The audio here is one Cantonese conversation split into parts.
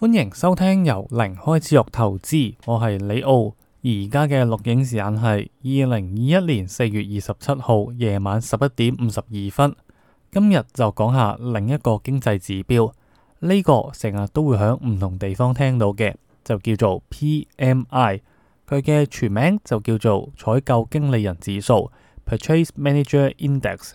歡迎收聽由零開始學投資，我係李奧，而家嘅錄影時間係二零二一年四月二十七號夜晚十一點五十二分。今日就講下另一個經濟指標，呢個成日都會響唔同地方聽到嘅，就叫做 PMI，佢嘅全名就叫做採購經理人指數 （Purchase Manager Index）。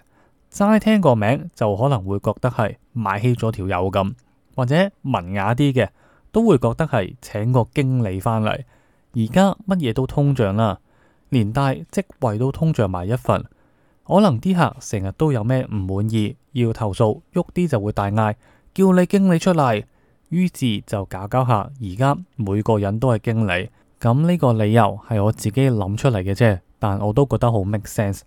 齋聽個名就可能會覺得係買起咗條友咁。或者文雅啲嘅，都會覺得係請個經理翻嚟。而家乜嘢都通脹啦，連帶職位都通脹埋一份。可能啲客成日都有咩唔滿意，要投訴，喐啲就會大嗌，叫你經理出嚟。於是就搞搞下，而家每個人都係經理。咁呢個理由係我自己諗出嚟嘅啫，但我都覺得好 make sense。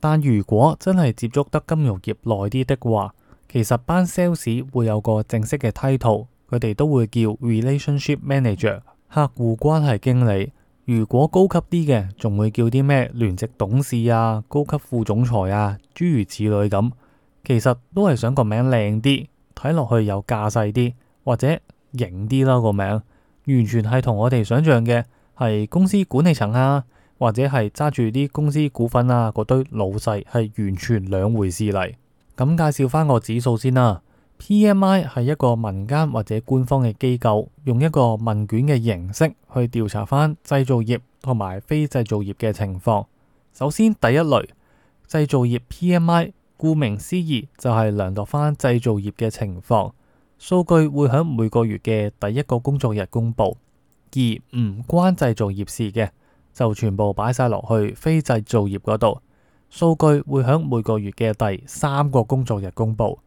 但如果真係接觸得金融業耐啲的話，其實班 sales 會有個正式嘅 title，佢哋都會叫 relationship manager，客戶關係經理。如果高級啲嘅，仲會叫啲咩聯席董事啊、高級副總裁啊，諸如此類咁。其實都係想個名靚啲，睇落去有架勢啲或者型啲啦個名。完全係同我哋想象嘅係公司管理層啊，或者係揸住啲公司股份啊嗰堆老細係完全兩回事嚟。咁介紹翻個指數先啦啊。PMI 係一個民間或者官方嘅機構，用一個問卷嘅形式去調查翻製造業同埋非製造業嘅情況。首先第一類製造業 PMI，顧名思義就係量度翻製造業嘅情況，數據會喺每個月嘅第一個工作日公布。而唔關製造業事嘅，就全部擺晒落去非製造業嗰度。數據會喺每個月嘅第三個工作日公佈。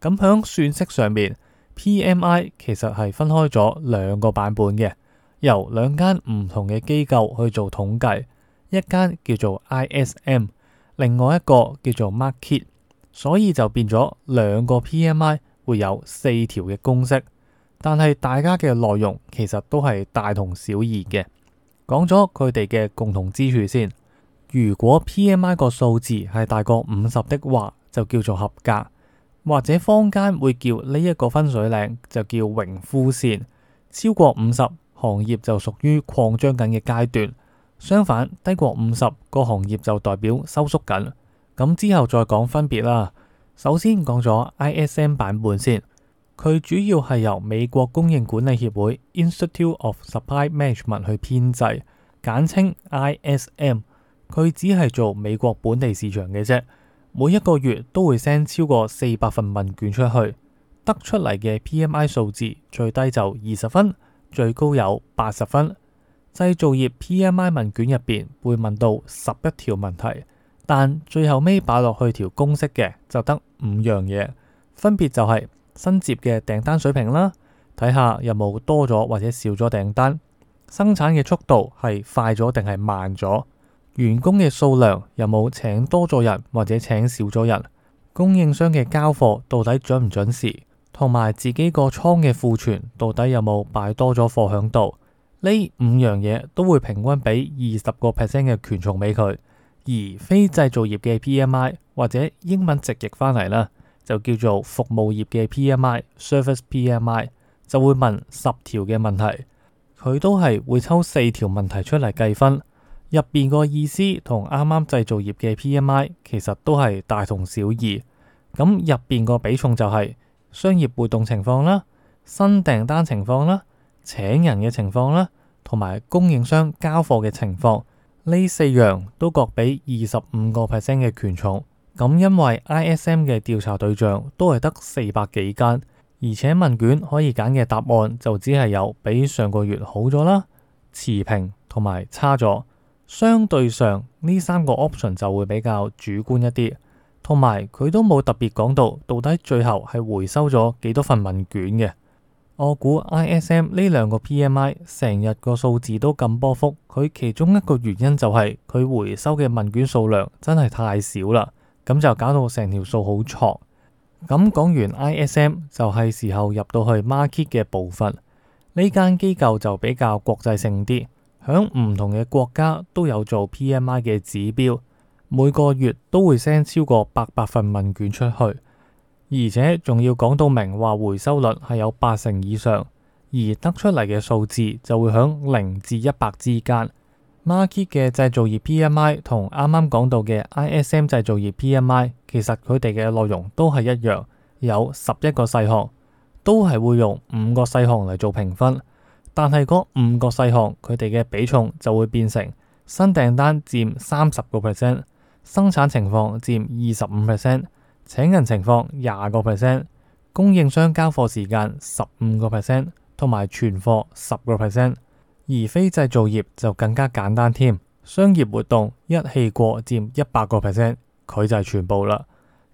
咁喺算式上面，PMI 其實係分開咗兩個版本嘅，由兩間唔同嘅機構去做統計，一間叫做 ISM，另外一個叫做 Markit，所以就變咗兩個 PMI 會有四條嘅公式，但係大家嘅內容其實都係大同小異嘅。講咗佢哋嘅共同之處先。如果 P M I 個數字係大過五十的話，就叫做合格，或者坊間會叫呢一個分水嶺就叫榮枯線。超過五十，行業就屬於擴張緊嘅階段；相反低過五十，個行業就代表收縮緊。咁之後再講分別啦。首先講咗 I S M 版本先，佢主要係由美國供應管理協會 Institute of Supply Management 去編制，簡稱 I S M。佢只係做美國本地市場嘅啫。每一個月都會 send 超過四百份問卷出去，得出嚟嘅 PMI 數字最低就二十分，最高有八十分。製造業 PMI 問卷入邊會問到十一條問題，但最後尾擺落去條公式嘅就得五樣嘢，分別就係新接嘅訂單水平啦，睇下有冇多咗或者少咗訂單，生產嘅速度係快咗定係慢咗。員工嘅數量有冇請多咗人或者請少咗人？供應商嘅交貨到底準唔準時？同埋自己個倉嘅庫存到底有冇擺多咗貨喺度？呢五樣嘢都會平均俾二十個 percent 嘅權重俾佢。而非製造業嘅 PMI 或者英文直譯翻嚟啦，就叫做服務業嘅 PMI（Service PMI），就會問十條嘅問題，佢都係會抽四條問題出嚟計分。入邊個意思同啱啱製造業嘅 PMI 其實都係大同小異。咁入邊個比重就係商業活動情況啦、新訂單情況啦、請人嘅情況啦，同埋供應商交貨嘅情況呢四樣都各俾二十五個 percent 嘅權重。咁因為 ISM 嘅調查對象都係得四百幾間，而且問卷可以揀嘅答案就只係有比上個月好咗啦、持平同埋差咗。相對上呢三個 option 就會比較主觀一啲，同埋佢都冇特別講到到底最後係回收咗幾多份問卷嘅。我估 ISM 呢兩個 PMI 成日個數字都咁波幅，佢其中一個原因就係佢回收嘅問卷數量真係太少啦，咁就搞到成條數好錯。咁講完 ISM 就係時候入到去 Markit 嘅部分，呢間機構就比較國際性啲。響唔同嘅國家都有做 PMI 嘅指標，每個月都會 send 超過八百份問卷出去，而且仲要講到明話回收率係有八成以上，而得出嚟嘅數字就會響零至一百之間。Markit 嘅製造業 PMI 同啱啱講到嘅 ISM 製造業 PMI，其實佢哋嘅內容都係一樣，有十一個細項，都係會用五個細項嚟做評分。但係嗰五個細項，佢哋嘅比重就會變成新訂單佔三十個 percent，生產情況佔二十五 percent，請人情況廿個 percent，供應商交貨時間十五個 percent，同埋存貨十個 percent。而非製造業就更加簡單添，商業活動一氣過佔一百個 percent，佢就係全部啦。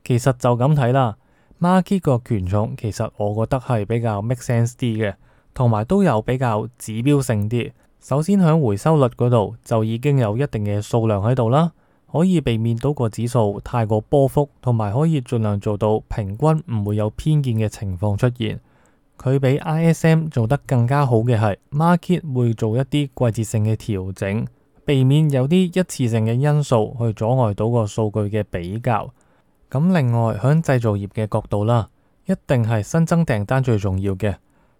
其實就咁睇啦，Markit 個權重其實我覺得係比較 make sense 啲嘅。同埋都有比較指標性啲。首先喺回收率嗰度就已經有一定嘅數量喺度啦，可以避免到個指數太過波幅，同埋可以盡量做到平均唔會有偏見嘅情況出現。佢比 ISM 做得更加好嘅係，Markit 會做一啲季節性嘅調整，避免有啲一次性嘅因素去阻礙到個數據嘅比較。咁另外喺製造業嘅角度啦，一定係新增訂單最重要嘅。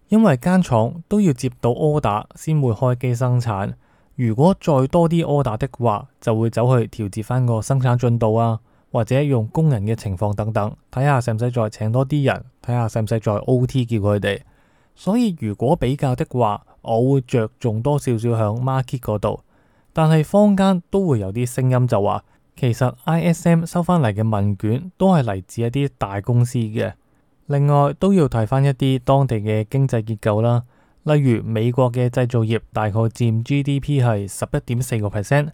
因為間廠都要接到 order 先會開機生產，如果再多啲 order 的話，就會走去調節翻個生產進度啊，或者用工人嘅情況等等，睇下使唔使再請多啲人，睇下使唔使再 OT 叫佢哋。所以如果比較的話，我會着重多少少響 market 嗰度，但係坊間都會有啲聲音就話，其實 ISM 收翻嚟嘅問卷都係嚟自一啲大公司嘅。另外都要睇翻一啲當地嘅經濟結構啦，例如美國嘅製造業大概佔 GDP 係十一點四個 percent，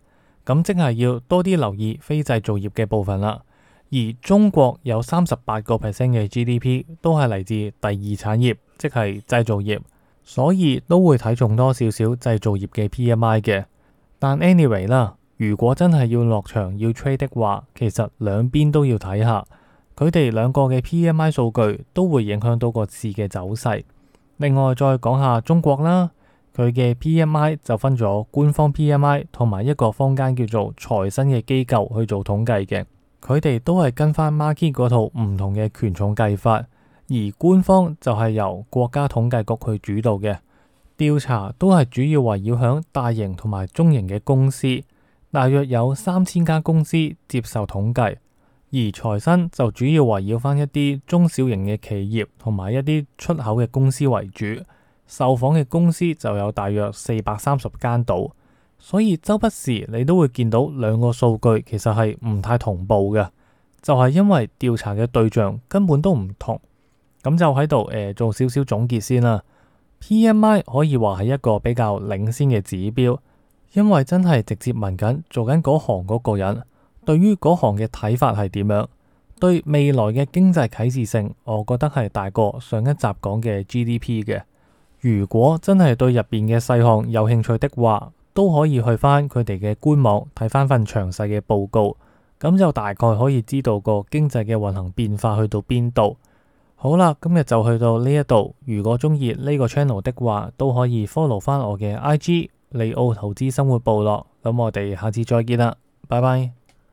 咁即係要多啲留意非製造業嘅部分啦。而中國有三十八個 percent 嘅 GDP 都係嚟自第二產業，即係製造業，所以都會睇重多少少製造業嘅 PMI 嘅。但 anyway 啦，如果真係要落場要 trade 的話，其實兩邊都要睇下。佢哋兩個嘅 PMI 數據都會影響到個市嘅走勢。另外再講下中國啦，佢嘅 PMI 就分咗官方 PMI 同埋一個坊間叫做財新嘅機構去做統計嘅。佢哋都係跟翻 Markit 嗰套唔同嘅權重計法，而官方就係由國家統計局去主導嘅。調查都係主要圍繞響大型同埋中型嘅公司，大約有三千家公司接受統計。而財新就主要圍繞翻一啲中小型嘅企業同埋一啲出口嘅公司為主，受訪嘅公司就有大約四百三十間到，所以周不時你都會見到兩個數據其實係唔太同步嘅，就係因為調查嘅對象根本都唔同。咁就喺度誒做少少總結先啦。PMI 可以話係一個比較領先嘅指標，因為真係直接問緊做緊嗰行嗰個人。對於嗰行嘅睇法係點樣？對未來嘅經濟啟示性，我覺得係大過上一集講嘅 GDP 嘅。如果真係對入邊嘅細項有興趣的話，都可以去翻佢哋嘅官網睇翻份詳細嘅報告，咁就大概可以知道個經濟嘅運行變化去到邊度。好啦，今日就去到呢一度。如果中意呢個 channel 的話，都可以 follow 翻我嘅 IG 利奧投資生活部落。咁我哋下次再見啦，拜拜。